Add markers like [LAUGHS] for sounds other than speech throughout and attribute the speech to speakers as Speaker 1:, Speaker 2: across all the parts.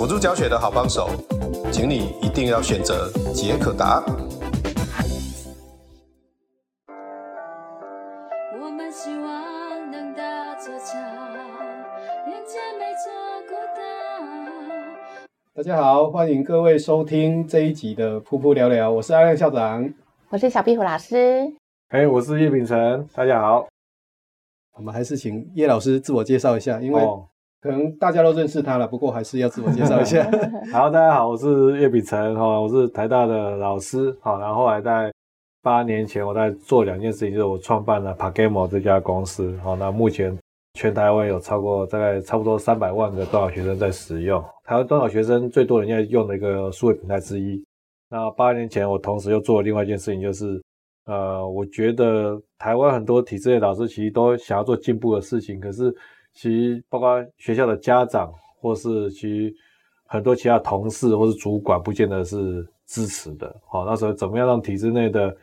Speaker 1: 輔助教學的好幫手，請你一定要選擇傑克達。大家好，歡迎各位收聽這一集的《噗噗聊聊》，我是阿亮校長，
Speaker 2: 我是小壁虎老師，
Speaker 1: 嘿、hey, 我是葉丙成。大家好，我們還是請葉老師自我介紹一下，因為、oh.。可能大家都認識他了，不過還是要自我介紹一下。 [LAUGHS] 好，大家好，我是葉丙成，哈、哦，我是台大的
Speaker 3: 老師，好、哦，然後在八年前，我在做兩件事情，就是我創辦了 Pagamo 這家公司，好、哦，那目前全台灣有超過大概差不多三百萬個中小學生在使用，台灣中小學生最多人在用的一個數位平台之一。那八年前，我同時又做了另外一件事情，就是，呃，我覺得台灣很多體制的老師其實都想要做進步的事情，可是。其實包括學校的家長，或是其很多其他同事，或是主管，不見得是支持的。好、哦，那時候怎麼樣讓體制內的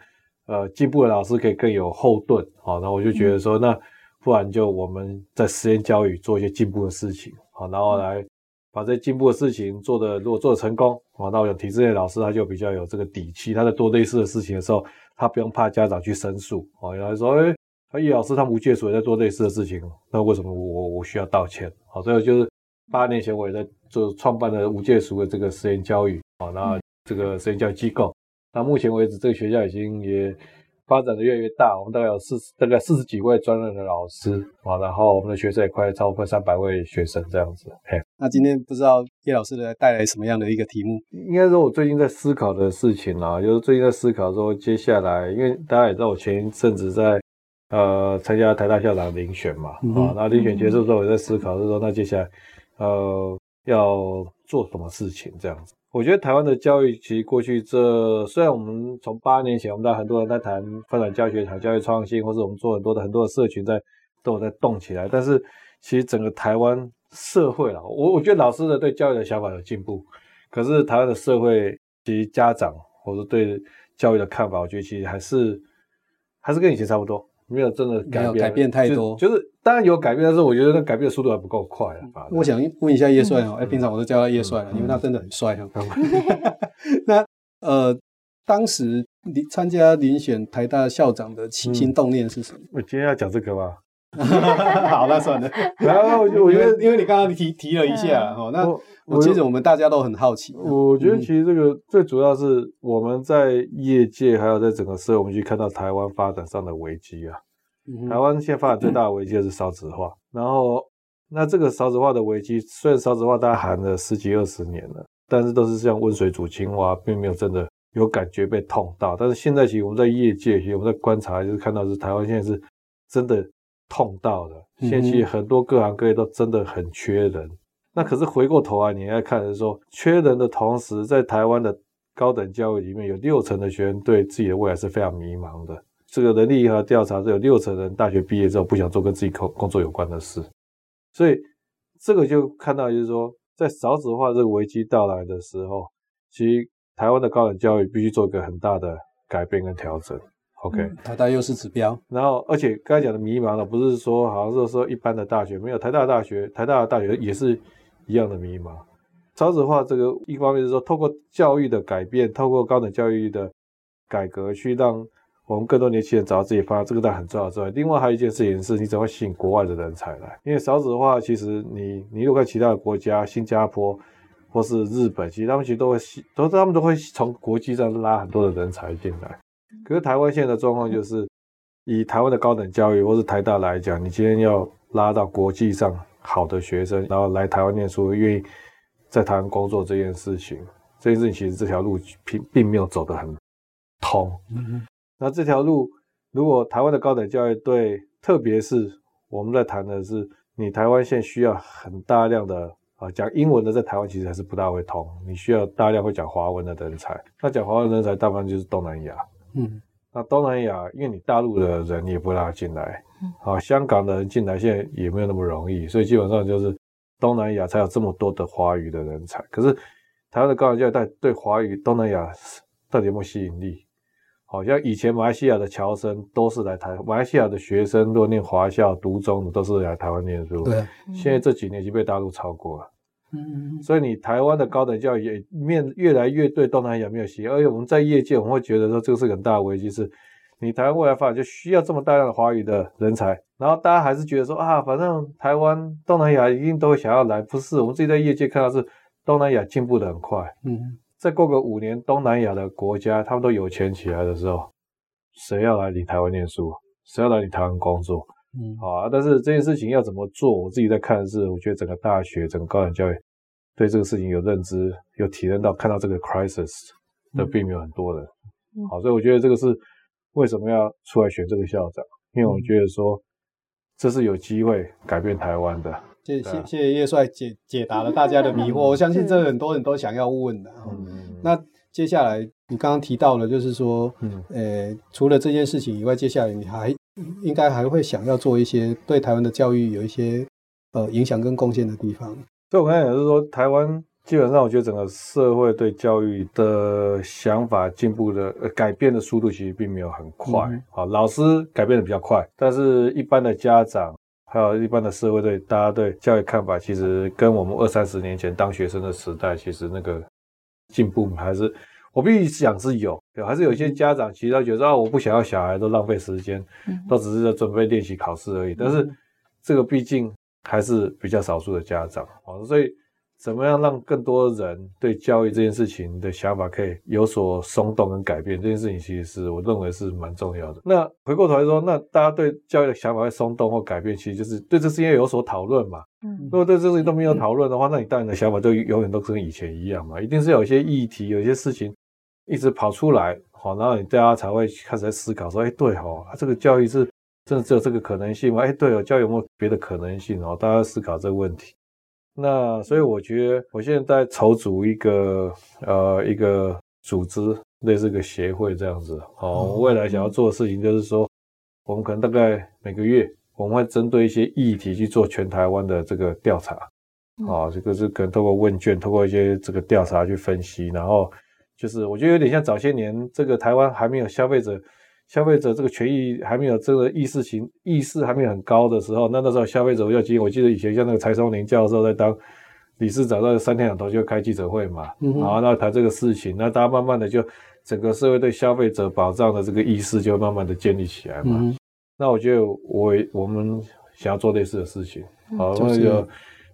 Speaker 3: 呃進步的老師可以更有後盾？好、哦，那我就覺得說、嗯，那不然就我們在實驗教育做一些進步的事情，好、哦，然後來把這進步的事情做的、嗯，如果做的成功，好、哦，那我體制內老師他就比較有這個底氣，他在做類似的事情的時候，他不用怕家長去申訴。哦，然後說，哎、欸。那葉老師，他們無界塾也在做類似的事情，那為什麼我我需要道歉？好，所以就是八年前我也在做創辦的無界塾的這個實驗教育，好，然後這個實驗教育機構、嗯，那目前為止這個學校已經也發展得越來越大，我們大概有四十大概四十
Speaker 1: 幾位專任的老師，好，然後我們的學生也快超過三百位學生這樣子。嘿，那今天不知道葉老師帶來什麼樣的一個題目？
Speaker 3: 應該說我最近在思考的事情啊，就是最近在思考說接下來，因為大家也知道我前一陣子在呃，參加台大校長遴選嘛，嗯、啊，嗯、那遴選結束之後，我在思考，是說那接下來、嗯，呃，要做什麼事情？這樣子，我覺得台灣的教育其實過去這，雖然我們從八年前，我們大家很多人在談發展教學、談教育創新，或者我們做很多的很多的社群在都有在動起來，但是其實整個台灣社會啦，我我覺得老師的對教育的想法有進步，可是台灣的社會其實家長或者對教育的看法，我覺得其實還是還是跟以前差不多。沒有真的改變，沒有改變太多，就、就
Speaker 1: 是當然有改變，但是我覺得他改變的速度還不夠快啊、嗯。我想問一下葉帥哦，哎、嗯，平常我都叫他葉帥了、嗯，因為他真的很帥，很、嗯、帥。嗯、 [LAUGHS] [LAUGHS] 那呃，當時你參加遴選台大校長的起、嗯、心動念是什麼？我今天要講這個吧。 [LAUGHS] 好，那算了。然後我覺得，因為你剛剛提提了一下哈、 [LAUGHS] 哦，那我接着，我,我們大家都很好奇。我覺得其實這個最主要是我
Speaker 3: 們在業界還有在整個社會，我們去看到台灣發展上的危機啊、嗯。台灣現在發展最大的危機就是少子化、嗯。然後，那這個少子化的危機，雖然少子化大家喊了十幾二十年了，但是都是像溫水煮青蛙，並沒有真的有感覺被痛到。但是現在其實我們在業界，我們在觀察，就是看到是台灣現在是真的。痛到的，現在其實很多各行各業都真的很缺人。嗯、那可是回過頭啊，你應該看人說，缺人的同時，在台灣的高等教育裡面有六成的學生對自己的未來是非常迷茫的。這個人力銀行調查，這有、個、六成人大學畢業之後不想做跟自己工工作有關的事。所以這個就看到，就是說，在少子化這個危機到來的時候，其實台灣的高等教育必須做一個很大的改變跟調整。OK，、嗯、台大優勢指標，然後而且剛才講的迷茫呢，不是說好像是說一般的大學沒有台大大學，台大的大學也是一樣的迷茫。少子化這個一方面是說透過教育的改變，透過高等教育的改革，去讓我們更多年輕人找到自己發展，這個當然很重要之外，另外還有一件事情是你怎麼吸引國外的人才來？因為少子化，其實你你如果看其他的國家，新加坡或是日本，其實他們其實都會都他們都會從國際上拉很多的人才進來。可是台灣現在的狀況就是，以台灣的高等教育或是台大來講，你今天要拉到國際上好的學生，然後來台灣念書，願意在台灣工作這件事情，這件事情其實這條路並並沒有走得很通。嗯。那這條路，如果台灣的高等教育對，特別是我們在談的是，你台灣現需要很大量的啊講英文的，在台灣其實還是不大會通，你需要大量會講華文的人才。那講華文人才，大部分就是東南亞。嗯，那東南亞，因為你大陸的人也不讓他進來，好、嗯哦，香港的人進來現在也沒有那麼容易，所以基本上就是東南亞才有這麼多的華語的人才。可是台灣的高等教育對，對華語東南亞到底有沒有吸引力，好、哦、像以前馬來西亞的僑生都是來台，馬來西亞的學生若念華校、獨中的都是來台灣念書。對、嗯，現在這幾年已經被大陸超過了。嗯， [NOISE] 所以你台灣的高等教育也面越來越對東南亞沒有吸引力，而且我們在業界我們會覺得說這個是很大的危機，是你台灣未來發展就需要這麼大量的華語的人才，然後大家還是覺得說啊，反正台灣東南亞一定都會想要來，不是我們自己在業界看到是東南亞進步的很快，嗯，再過個五年，東南亞的國家他們都有錢起來的時候，誰要來你台灣念書，誰要來你台灣工作？嗯，好啊，但是這件事情要怎麼做？我自己在看的是，我覺得整個大學、整個高等教育對這個事情有認知、有體驗到、看到這個 crisis 的並沒有很多人，嗯。好，所以我覺得這個是為什麼要出來選這個校長？嗯，因為我覺得說這是有機會改變台灣的，嗯。謝謝
Speaker 1: 謝謝葉帥解解答了大家的迷惑，嗯，我相信這很多人都想要問的。嗯。嗯，那接下來你剛剛提到了，就是說，呃、嗯欸，除了這件事情以外，接下來你還？應該還會想要做一些對台灣的教育有一些呃影響跟貢獻的地方。所以我剛
Speaker 3: 才也是說，台灣基本上我覺得整個社會對教育的想法進步的、呃、改變的速度其實並沒有很快。嗯、好，老師改變的比較快，但是一般的家長還有一般的社會對大家對教育看法，其實跟我們二三十年前當學生的時代，其實那個進步還是。我必須想是有，有，還是有些家長其實他覺得啊、哦，我不想要小孩都浪費時間，都只是在準備練習考試而已。但是這個畢竟還是比較少數的家長啊、哦，所以怎麼樣讓更多人對教育這件事情的想法可以有所鬆動跟改變，這件事情其實是我認為是蠻重要的。那回過頭來說，那大家對教育的想法會鬆動或改變，其實就是對這事情有所討論嘛。嗯，如果對這事情都沒有討論的話，那你當然的想法就永遠都是跟以前一樣嘛，一定是有一些議題，有些事情。一直跑出來，好，然後你大家才會開始在思考說，誒、哎、對、哦，哈，這個教育是真的只有這個可能性嗎？誒、哎、對哦，教育有沒有別的可能性？哦，大家思考這個問題。那所以我覺得我現在在籌組一個呃一個組織，類似一個協會這樣子。好、哦，未來想要做的事情就是說、嗯，我們可能大概每個月我們會針對一些議題去做全台灣的這個調查，啊、哦，這個是可能透過問卷、透過一些這個調查去分析，然後。就是我覺得有點像早些年，這個台灣還沒有消費者，消費者這個權益還沒有這個意識形意識還沒有很高的時候，那那時候消費者要記，我記得以前像那個柴松林教授在當理事長，找到三天兩頭就開記者會嘛、嗯，然後那談這個事情，那大家慢慢的就整個社會對消費者保障的這個意識就慢慢的建立起來嘛。嗯、那我覺得我我們想要做類似的事情，啊、嗯，就是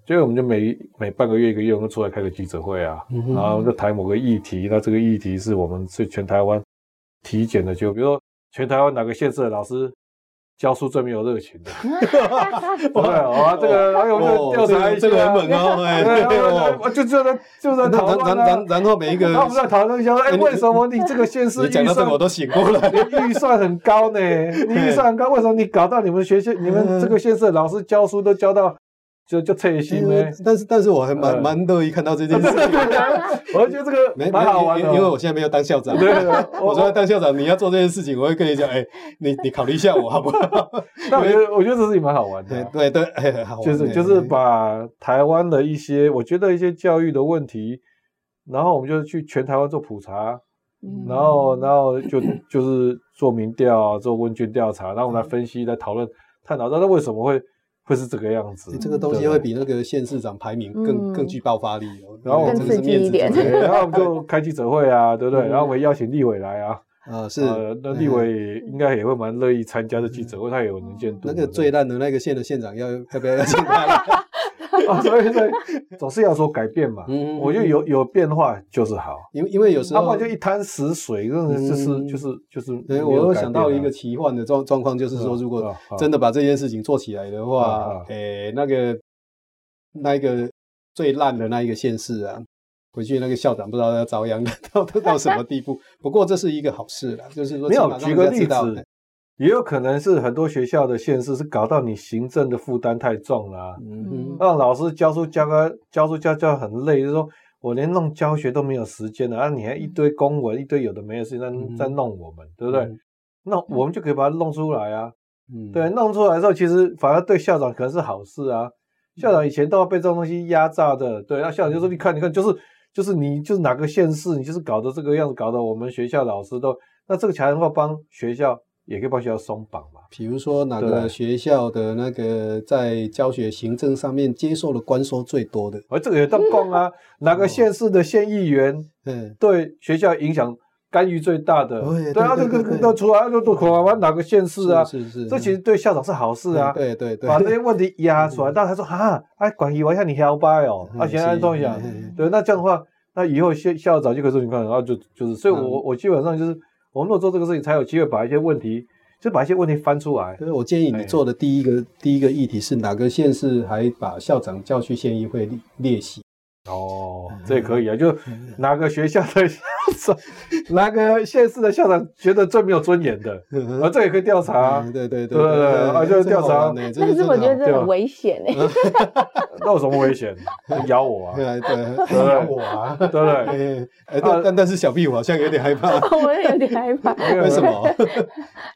Speaker 3: 所以我們就每每半個月，一個月，我們就出來開個記者會啊，嗯、然後就談某個議題。那這個議題是我們是全台灣體檢的，就比如說全台灣哪個縣市的老師教書最沒有熱情的？
Speaker 1: [LAUGHS] [LAUGHS] 對啊，這個哎呦，調查一下，喔喔，這個很猛啊，喔！哎，
Speaker 3: 欸喔，就就，就在就在討論啊。然然然，然後每一個他們在討論一下，哎，欸，為什麼你這個縣市預算，欸，預算很高呢？預算很高，為什麼你搞到你們學校、你們這個縣市老師教書都教到？就就退薪、欸，但是但是我還蠻
Speaker 1: 蠻樂意看到這件事情，呃、
Speaker 3: [LAUGHS] 我就覺得這個蠻好玩的因，因為我
Speaker 1: 現在沒有當校長， [LAUGHS] 對，對對。我說要當校長， [LAUGHS] 你要做這件事情，我會跟你講，哎、欸，你你考慮一下我好不好？那我, [LAUGHS] 我覺得這事情蠻好玩的、啊，對對
Speaker 3: 對好玩、欸，就是就是把台灣的一些，我覺得一些教育的問題，然後我們就去全台灣做普查，嗯、然後然後就就是做民調、啊，做問卷調查，然後我們來分析、來討論、探討，那為什麼會？會是這個樣子，欸、這個東西會比那個縣市長排名更、嗯、更具爆發力、喔。然後我們就是面子， [LAUGHS] 然後我們就開記者會啊， [LAUGHS] 對不對？然後我們邀請立委
Speaker 1: 來啊，嗯、呃是呃，那立委應該也會蠻樂意參加的記者會，嗯、他也有能見度。那個最爛的那個縣的縣長要 [LAUGHS] 要不要進來？ [LAUGHS] [LAUGHS] 啊，所以所以總是要說改變嘛。嗯，我就有
Speaker 3: 有變化就是好，
Speaker 1: 因為因為有時候、啊、就一灘死水，就是就是、嗯、就是。嗯、就是，我又想到一個奇幻的狀狀況，就是說，如果真的把這件事情做起來的話，誒、啊啊啊欸，那個那個最爛的那一個縣市啊，回去那個校長不知道要遭殃到到到什麼地步。不過這是一個好事啦，就是說沒有舉個例子。也有可能是很多學校的縣市
Speaker 3: 是搞到你行政的負擔太重了啊。啊、嗯，讓老師教書教個教書教書教書很累，就是說我連弄教學都沒有時間了啊！你還一堆公文一堆有的沒有的事情在在弄我們，嗯、對不對、嗯？那我們就可以把它弄出來啊！嗯、對，弄出來之後，其實反而對校長可能是好事啊、嗯。校長以前都要被這種東西壓榨的，對。那校長就說：“你看，你看，就是就是你就是哪個縣市，你就是搞的這個樣子，搞的我們學校老師都……那這個才能夠幫學校。”也可以幫學校鬆
Speaker 1: 綁嘛，比如說哪個學校的那個在教學行政上面接受的官收最多的，而、啊、這個也得公啊，嗯、哪個縣市的縣議員、哦、對學校影響干預
Speaker 3: 最大的對對對對對對對，對啊，這個都出來都都出來哪個縣市啊？是是，這其實對校長是好事啊，對對對，對，對，對，把、嗯、這些問題壓出來，但、嗯、他說啊，哎、喔，管一管要你要 e 哦，啊，先安哦，一、嗯、下、嗯。對，那這樣的話，那以後校校長就可以說你看，然、啊、後就就是，所以我我基本上
Speaker 1: 就是。我們如果做這個事情，才有機會把一些問題，就把一些問題翻出來。所以我建議你做的第一個、哎、第一個議題是哪個縣市還把校長叫去縣議會列席。哦、嗯，這也可以啊！就哪個學校的校長，哪、嗯、 [LAUGHS] 個
Speaker 3: 縣市的校長覺得最沒有尊嚴的，啊、嗯、這也可以調查，對對對對對，啊，就是調查。欸、
Speaker 1: 這個、但是我覺得這很危險哎、欸。那、嗯、 [LAUGHS] 有什麼危險？嗯、 [LAUGHS] 咬我啊！對對，對，咬我啊！對對，哎哎哎哎哎哎、但但但是小壁虎好像有點害怕， [LAUGHS]
Speaker 2: 我也有點害怕。為什麼？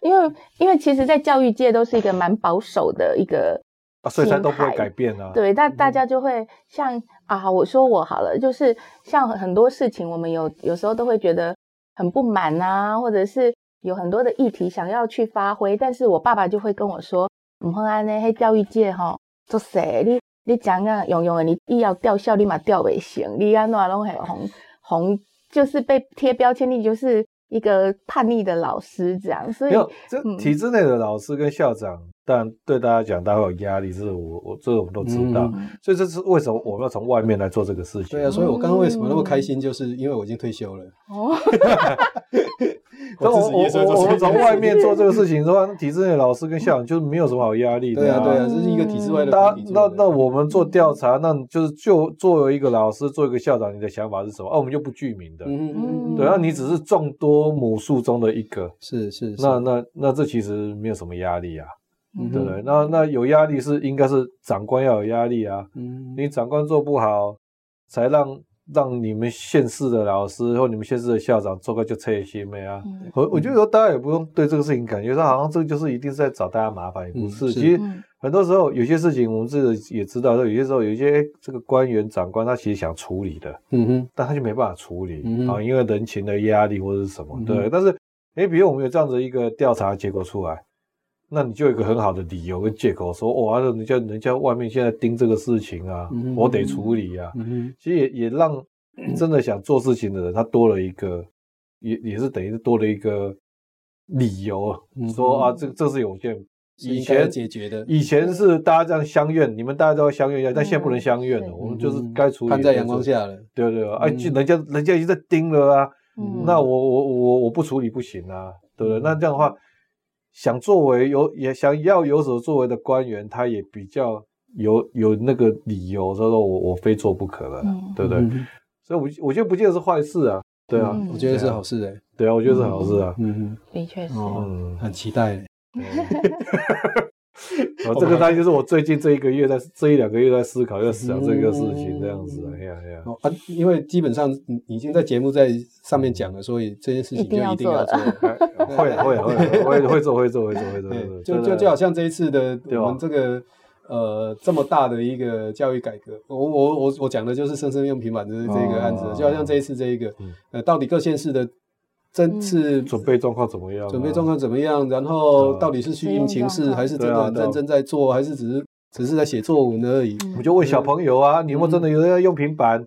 Speaker 2: 因為， [LAUGHS] 因，為因為其實，在教育界都是一個蠻保守的一個心
Speaker 3: 態啊，所以他都不會改
Speaker 2: 變啊。嗯、對，大大家就會像。啊，我說我好了，就是像很多事情，我們有有時候都會覺得很不滿吶、啊，或者是有很多的議題想要去發揮，但是我爸爸就會跟我說，唔好安呢，喺教育界吼做誰你你講講用用的，你一要掉校立馬調也行，你安那攏很紅紅，紅就是被貼標籤，你就是一個叛逆的老師這樣，所以有這體
Speaker 3: 制內的老師跟校長。但對大家講，大家會有壓力，這是我我這個我們都知道、嗯，所以這是為什麼我們要從外面來做這個事情。對、嗯、啊，所以我剛剛為什麼那麼開心，就是因為我已經退休
Speaker 2: 了。哦， [LAUGHS] [LAUGHS] [LAUGHS] 我我 [LAUGHS] 我從我 [LAUGHS] 外面做這個事
Speaker 3: 情的話，體制內老師跟校長就是沒有什麼好壓力的、啊。對啊，對啊，這是一
Speaker 1: 個體制外的，
Speaker 3: 的、嗯。那那，那我們做調查，那就是就作為一個老師，作為一個校長，你的想法是什麼？哦、啊，我們就不具名的，嗯嗯，嗯對啊，你只是眾多母數中的一個，嗯嗯是，是是，那那那這其實沒有什麼壓力啊。嗯、對不對？那那有壓力是應該是長官要有壓力啊。嗯，你長官做不好，才讓讓你們縣市的老師或你們縣市的校長做個就徹心滅啊。我、嗯、我覺得說大家也不用對這個事情感覺，感覺說好像這個就是一定是在找大家麻煩也不是、嗯、是。其實很多時候有些事情我們自己也知道，有些時候有些誒這個官員長官他其實想處理的，嗯哼，但他就沒辦法處理、嗯、啊，因為人情的壓力或者是什麼，對。嗯、但是哎，比如我們有這樣子一個調查結果出來。那你就有一個很好的理由跟借口說，說、哦、哇、啊，人家人家外面現在盯這個事情啊，嗯、我得處理啊。嗯、其實也也讓真的想做事情的人，嗯、他多了一個，也也是等於多了一個理由，嗯、說啊，這這是有限、嗯，以前要解決的，以前是大家這樣相怨，你們大家都要相怨一下、嗯，但現在不能相怨了、嗯，我們就是該處理、嗯，攤在陽光下了。對對、對、嗯、啊，人家人家已經在盯了啊，嗯、那我我我我不處理不行啊，對不對？嗯、那這樣的話。想作為有也想要有所作為的官員，他也比較有有那個理由，他說我我非做不可了，嗯、對不對？嗯、所以我，我我覺得不見得是壞事啊，對啊，我覺得是好事哎、欸，對啊，我覺得是好事啊，嗯，的
Speaker 2: 確是，嗯，
Speaker 3: 很期待。 [LAUGHS] [LAUGHS]
Speaker 1: 啊、oh, okay.，這個大概就是我最近這一個月在，在這一兩個月在思考，在想這個事情，嗯、這樣子、哎、呀、哎、呀。啊，因為基本上已經在節目在上面講了，所以這件事情就一定要做，要做對啊對啊、會、啊、會、啊、會、啊、 [LAUGHS] 會會做會做會做會做。會做會做啊、就就就好像這一次的我們這個、啊、呃這麼大的一個教育改革，我我我我講的就是生生用平板的這個案子哦哦哦哦哦，就好像這一次這一個、嗯、呃到底各縣市的。這次準備狀況怎麼樣、啊？準備狀況怎麼樣？然後到底是去應情式，還是真的認真在做，還是只是只是在寫作文而已？我就問小朋友啊，你們真的有在用平
Speaker 3: 板？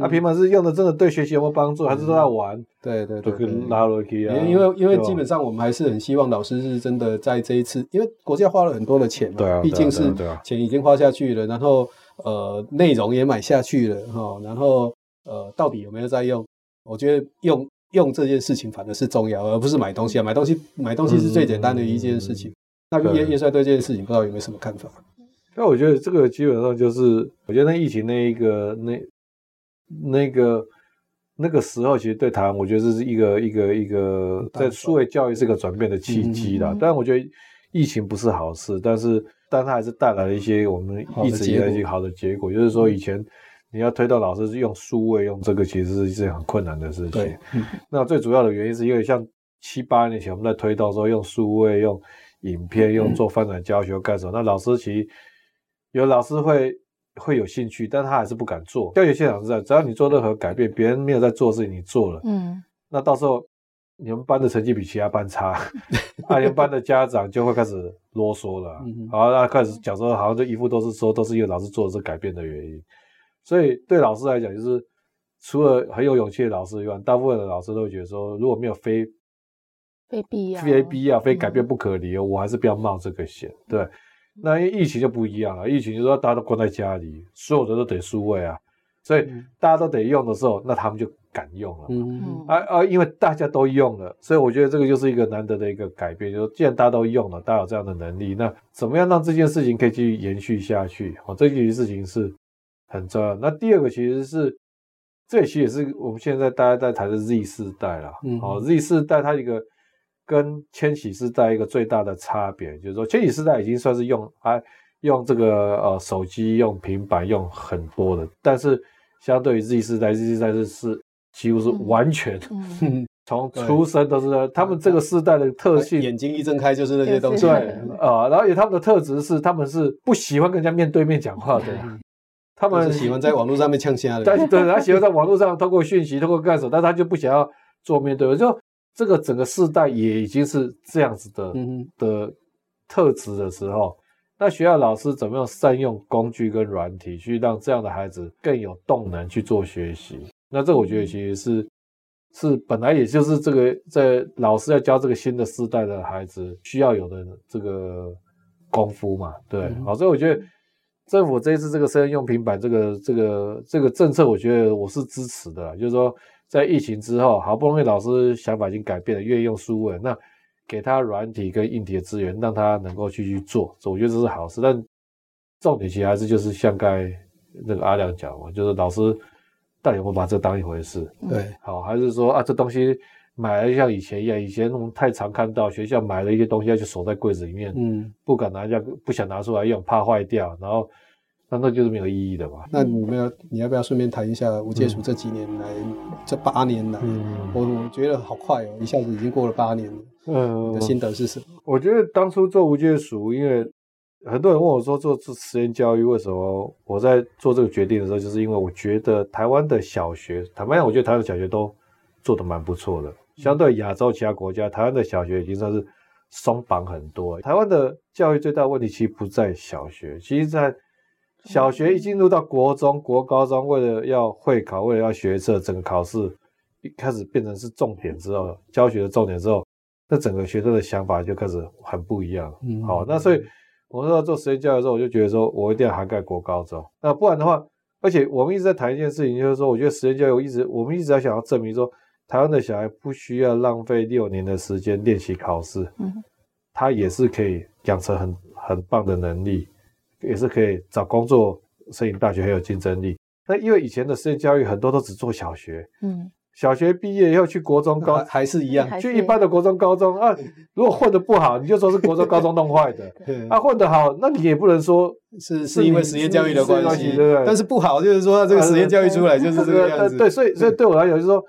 Speaker 3: 啊，平板是用的真的對學習有沒有幫助，還是說在玩？
Speaker 1: 對對對，啊、對，因為因為基本上我們還是很希望老師是真的在這一次，因為國家花了很多的錢嘛，對、啊，畢竟是錢已經花下去了，啊啊啊啊、然後呃內容也買下去了哈，然後呃到底有沒有在用？我覺得用。用這件事情反而是重要，而不是買東西啊！買東西，買東西是最簡單的一件事情。嗯、那葉、個、葉帥對這件事情不知道有沒有什麼看法？
Speaker 3: 那我覺得這個基本上就是，我覺得那疫情那一個那那個那個時候，其實對台灣，我覺得是一個一個一個在數位教育是個轉變的契機啦。當、嗯、然，我覺得疫情不是好事，嗯、但是但它還是帶來了一些我們一直以來一些好的結果，結果就是說以前。你要推動老師用數位用這個，其實是一件很困難的事情、嗯。那最主要的原因是因為像七八年前我們在推動說用數位用影片用做翻轉教學幹什麼、嗯？那老師其實有老師會會有興趣，但他還是不敢做。教學現場是這樣，只要你做任何改變，別人沒有在做事情，你做
Speaker 2: 了，
Speaker 3: 嗯，那到時候你們班的成績比其他班差，那、嗯、你們、啊、班的家長就會開始囉嗦了，那、嗯、開始講說，好像這一副都是說都是因為老師做的是改變的原因。所以對老師來講，就是除了很有勇氣的老師以外，大部分的老師都會覺得說，如果沒有非
Speaker 2: 非必要、非
Speaker 3: 必要、非改變不可理由，我還是不要冒這個險。對，那因為疫情就不一樣了。疫情就是說大家都關在家裡，所有的都得數位啊，所以大家都得用的時候，那他們就敢用了。嗯啊啊，因為大家都用了，所以我覺得這個就是一個難得的一個改變。就是既然大家都用了，大家有這樣的能力，那怎麼樣讓這件事情可以繼續延續下去？哦，這件事情是。很重要。那第二個其實是，這裡其實也是我們現在大家在談的 Z 世代了。好、嗯嗯哦、，Z 世代它一個跟千禧世代一個最大的差別，就是說千禧世代已經算是用啊用這個呃手機、用平板、用很多的，但是相對於 Z 世代、嗯、，Z 世代是，是幾乎是完全從、嗯、出生都是他們這個世代的特性，眼睛一睜開就是那些東西，對啊、呃。然後也他們的特質是，他們是不喜歡跟人家面對面講話的。嗯對 [LAUGHS] 他們喜歡在網絡上面，嗆聲，但是對，他喜歡在網絡上透過訊息，透過幹什麼？但他就不想要做面對面。就這個整個世代也已經是這樣子的的特質的時候、嗯，那學校老師怎麼樣善用工具跟軟體，去讓這樣的孩子更有動能去做學習？那這我覺得其實是是本來也就是這個在老師要教這個新的世代的孩子需要有的這個功夫嘛？對，所、嗯、以我覺得。政府這一次這個生生用平板這個這個這個政策，我覺得我是支持的。就是說，在疫情之後，好不容易老師想法已經改變了，願意用書了，那給他軟體跟硬體的資源，讓他能夠去去做，我覺得這是好事。但重點其實還是就是像剛才那個阿亮講嘛，就是老師到底有沒有把這當一回事、嗯？對，好，還是說啊，這東西。買了像以前一樣，以前我們太常看到學校買了一些東西，要去鎖在櫃子裡面，嗯，不敢拿下，不想拿出來用，怕壞掉，然後，那那就是沒有意義的吧？
Speaker 1: 那你們要，你要不要順便談一下無界塾這幾年來、嗯，這八年來，我、嗯、我覺得好快哦，一下子已經過了八年了。嗯，的心得是什麼？
Speaker 3: 我，我覺得當初做無界塾，因為很多人問我說做做實驗教育為什麼？我在做這個決定的時候，就是因為我覺得台灣的小學，坦白講，我覺得台灣的小學都做得蠻不錯的。相對亞洲其他國家，台灣的小學已經算是鬆綁很多。台灣的教育最大的問題其實不在小學，其實在小學一進入到國中、嗯、國高中，為了要會考，為了要學測，整個考試一開始變成是重點之後，教學的重點之後，那整個學生的想法就開始很不一樣了嗯，嗯，嗯，好、哦，那所以我說做實驗教育的時候，我就覺得說我一定要涵蓋國高中。那不然的話，而且我們一直在談一件事情，就是說，我覺得實驗教育一直我們一直在想要證明說。台灣的小孩不需要浪費六年的時間練習考試，嗯，他也是可以養成很很棒的能力，也是可以找工作，申請大學很有競爭力。那因為以前的實驗教育很多都只做小學，嗯，小學畢業以後去國中高，還是一樣去一般的國中高中啊。如果混得不好，你就說是國中高中弄壞的。 [LAUGHS] 對。啊，混得好，那你也不能說是
Speaker 1: 是因為實驗教育的關係，對不對？但是不
Speaker 3: 好，就是說這個實驗教育出來就是這個樣子。啊呃呃、對，所以所以對我來講，就是說。嗯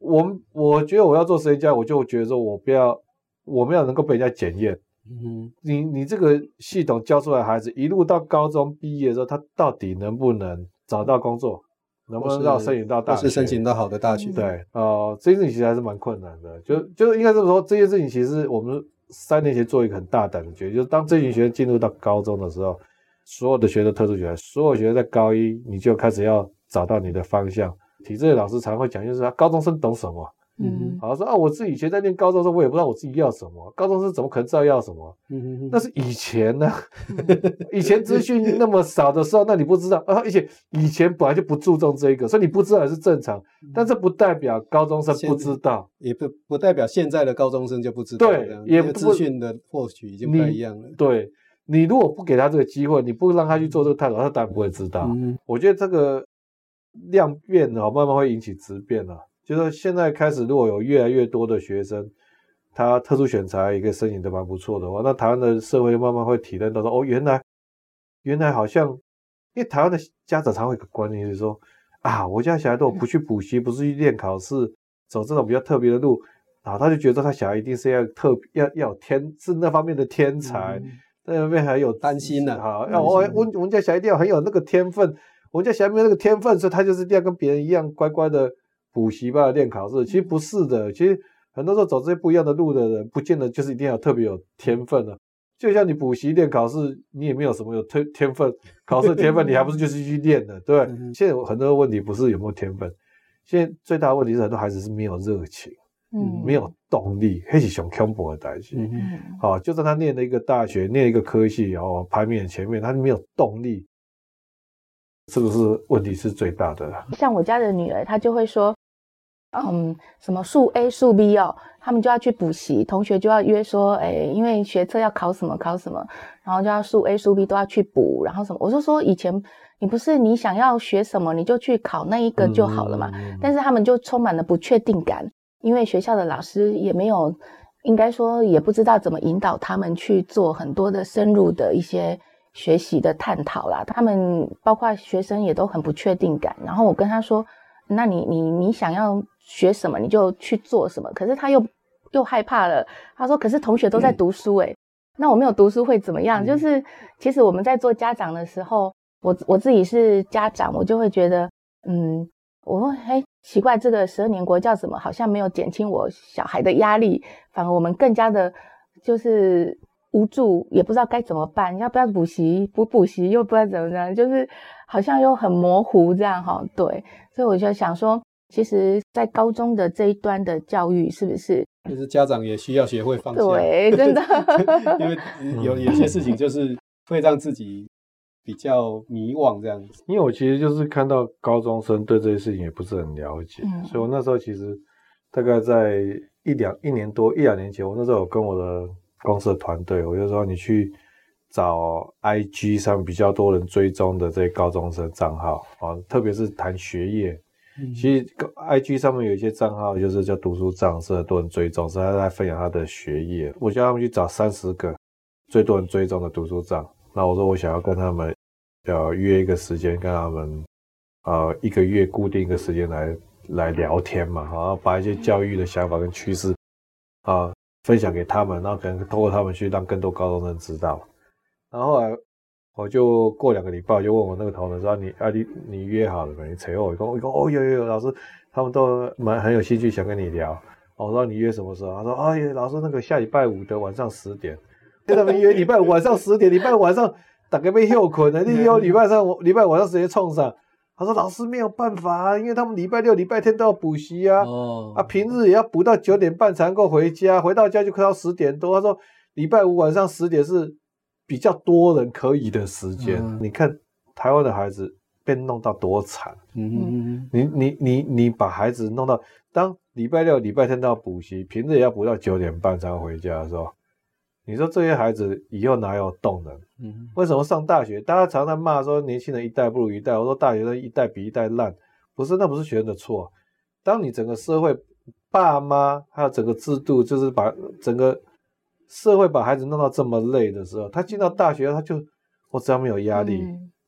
Speaker 3: 我我覺得我要做實驗教育，我就覺得說我不要，我們要能夠被人家檢驗。嗯，你你這個系統教出來的孩子，一路到高中畢業的時候，他到底能不能找到工作？能不能到申請到大學？是申請到好的大學？對，哦、呃，這件事情其實還是蠻困難的。就就應該這麼說，這件事情其實我們三年前做一個很大膽的決定，就是當這群學生進入到高中的時候，嗯、所有的學生特殊學生所有學生在高一你就開始要找到你的方向。體制的老師常會講，就是說高中生懂什麼？嗯，好像說啊、哦，我自己以前在念高中的時候，我也不知道我自己要什麼。高中生怎麼可能知道要什麼？嗯哼哼，那是以前呢、啊， [LAUGHS] 以前資訊那麼少的時候，那你不知道啊。而、哦、且以，以前本來就不注重這
Speaker 1: 個，所以你不知道也是正常。但這不代表高中生不知道，也不不代表現在的高中生就不知道。對，也不因為資訊的獲取已經不太一樣了。對，你如果
Speaker 3: 不給他這個機會，你不讓他去做這個探索，他當然不會知道。嗯、我覺得這個。量變啊，慢慢會引起質變了、啊。就是現在開始，如果有越來越多的學生，他特殊選材一個身形都蠻不錯的話，那台灣的社會慢慢會體認到說，哦，原來原來好像，因為台灣的家長常會有一個觀念、就是說，啊，我家小孩都不去補習， [LAUGHS] 不是去練考試，走這種比較特別的路，然、啊、後他就覺得他小孩一定是要特別要要有天是那方面的天才，嗯、但那方面還有擔心呢，哈、啊，要、啊、我我我家小孩一定要很有那個天分。我家小孩沒有那個天分，所以他就是一定要跟別人一樣乖乖的補習吧，練考試。其實不是的，其實很多時候走這些不一樣的路的人，不見得就是一定要特別有天分的、啊。就像你補習練考試，你也沒有什麼有天分考試天分，你還不是就是去練的， [LAUGHS] 對，現在很多問題不是有沒有天分，現在最大的問題是很多孩子是沒有熱情，嗯，沒有動力。那是最恐怖的事，嗯，嗯，好、哦，就算他念了一個大學，念了一個科系，然、哦、後排名前面，他沒有動力。是不是問題是最大的、啊？
Speaker 2: 啦？像我家的女兒，她就會說，嗯，什麼數 A 數 B 哦，他們就要去補習，同學就要約說，哎，因為學測要考什麼考什麼，然後就要數 A 數 B 都要去補，然後什麼？我就說，以前你不是你想要學什麼你就去考那一個就好了嘛？嗯、但是他們就充滿了不確定感，因為學校的老師也沒有，應該說也不知道怎麼引導他們去做很多的深入的一些。學習的探討啦，他們包括學生也都很不確定感。然後我跟他說：“那你你你想要學什麼，你就去做什麼。”可是他又又害怕了。他說：“可是同學都在讀書、欸，誒、嗯，那我沒有讀書會怎麼樣？”嗯、就是其實我們在做家長的時候，我我自己是家長，我就會覺得，嗯，我說：“誒，奇怪，這個十二年國教怎麼好像沒有減輕我小孩的壓力，反而我們更加的，就是。”無助也不知道該怎麼辦，要不要補習？補補習又不知道怎麼樣，就是好像又很模糊這樣哈。對，所以我就想說，其實，在高中的這一端的教育，是不是？就是
Speaker 1: 家長也需要學會放手。對，真的，
Speaker 2: [LAUGHS] 因為有
Speaker 1: [LAUGHS] 有，有些事情就是會讓自己比較迷惘這樣子。
Speaker 3: 因為我其實就是看到高中生對這些事情也不是很了解，嗯，所以我那時候其實大概在一兩一年多一兩年前，我那時候有跟我的。公司的團隊，我就說你去找 IG 上比較多人追蹤的這些高中生賬號啊，特別是談學業。其實 IG 上面有一些賬號，就是叫讀書賬，是很多人追蹤，是他在分享他的學業。我叫他們去找三十個最多人追蹤的讀書賬，那我說我想要跟他們要、呃、約一個時間，跟他們啊、呃、一個月固定一個時間來來聊天嘛，然後、啊、把一些教育的想法跟趨勢啊。分享給他們，然後可能通過他們去讓更多高中生知道。
Speaker 1: 然後來
Speaker 3: 我就過兩個禮拜，就問我那個同學，說：“你啊，你你約好了沒？”你扯我一根，我講：“哦有有有，老師他們都蠻很有興趣想跟你聊。”我說：“你約什麼時候？”他說：“哎呀，老師那個下禮拜五的晚上十點。 [LAUGHS] ”你他們約禮拜五晚上十點？禮拜五晚上等個被又捆了，你約 [LAUGHS] 禮拜三，禮拜五晚上直接衝上。他說：“老師沒有辦法、啊，因為他們禮拜六、禮拜天都要補習啊、哦，啊，平日也要補到九點半才能夠回家，回到家就快到十點多。”他說：“禮拜五晚上十點是比較多人可以的時間。嗯”你看台灣的孩子被弄到多慘！嗯嗯嗯，你你你你把孩子弄到，當禮拜六、禮拜天都要補習，平日也要補到九點半才回家的時候，是吧？你說這些孩子以後哪有動能？為什麼上大學？大家常常罵說年輕人一代不如一代。我說大學生一代比一代爛，不是，那不是學生的錯。當你整個社會、爸媽還有整個制度，就是把整個社會把孩子弄到這麼累的時候，他進到大學他就，我只要沒有壓力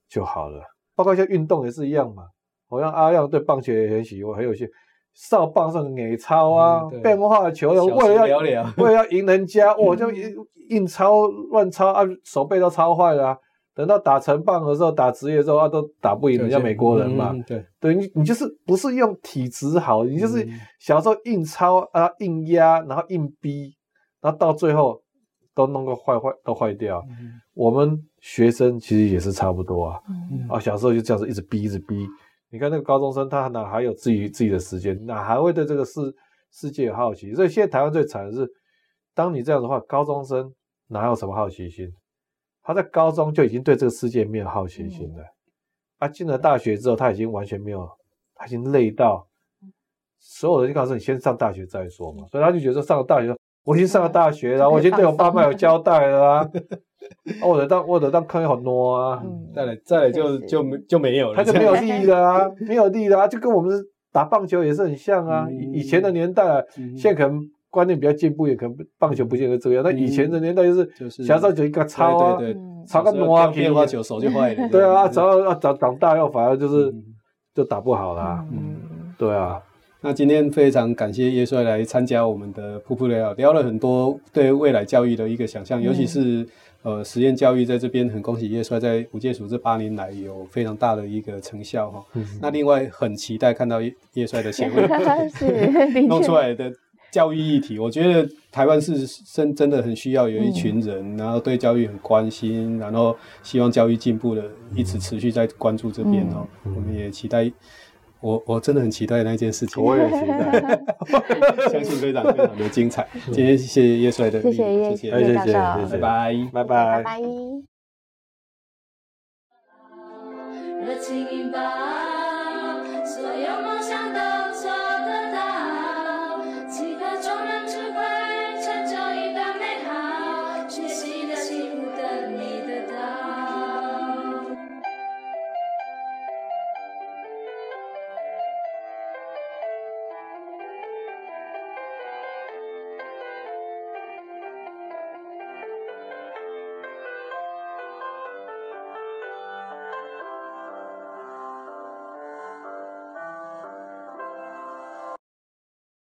Speaker 3: 就好了。包括像運動也是一樣嘛。好像阿亮對棒球也很喜歡，我很有興趣。少棒時候硬抄啊、嗯，變化的球，為了要聊聊為了要贏人家，我、 [LAUGHS] 哦、就硬硬抄亂抄啊，手背都抄壞了、啊。等到打成棒的時候，打職業的時候啊，都打不贏人家美國人嘛。對、嗯、對，對你，你就是不是用體質好、嗯，你就是小時候硬抄啊硬壓，然後硬逼，然後到最後都弄個壞壞都壞掉、嗯。我們學生其實也是差不多啊，嗯、啊小時候就這樣子一直逼一直逼。你看那個高中生，他哪還有自己自己的時間？哪還會對這個世世界有好奇？所以現在台灣最慘的是，當你這樣的話，高中生哪有什麼好奇心？他在高中就已經對這個世界沒有好奇心了。他、嗯啊、進了大學之後，他已經完全沒有，他已經累到，所有人就告訴你先上大學再說嘛。所以他就覺得上了大學，我已經上了大學了，然、嗯、我已經對我爸媽有交代了啊。 [LAUGHS] [LAUGHS] 啊、我得當我的當坑有很多啊、嗯，
Speaker 1: 再來再來就就就，就沒有了，他就沒有利益
Speaker 3: 了啊， [LAUGHS] 沒有利益了啊，就跟我們打棒球也是很像啊。嗯、以前的年代、啊嗯，現在可能觀念比較進步也，也可能棒球不見得這樣、嗯。但以前的年代就是
Speaker 1: 小時候就一個抄啊，抄個木啊，變化球手就壞了、嗯。對啊，
Speaker 3: 然 [LAUGHS] 後、啊啊、長長大要反而就是、嗯、就打不好啦、
Speaker 1: 啊嗯。嗯，對啊。那今天非常感謝葉帥來參加我們的噗噗聊聊，聊了很多對未來教育的一個想象，嗯、尤其是。呃，實驗教育在這邊，很恭喜葉帥在無界塾這八年來有非常大的一個成效哈、哦。那另外很期待看到葉葉帥的前衛 [LAUGHS] 弄出來的教育議題，我覺得台灣是真真的很需要有一群人，嗯，然後對教育很關心，然後希望教育進步的一直持續在關注這邊哦。嗯、我們也期待。我我真的很期待那件事情，我也期待，
Speaker 2: [LAUGHS] 相信非常非
Speaker 1: 常的精彩。 [LAUGHS] 今天謝謝葉帥的， [LAUGHS] 謝謝謝謝謝謝，拜拜拜拜，拜拜，拜，拜。拜拜
Speaker 2: 拜拜。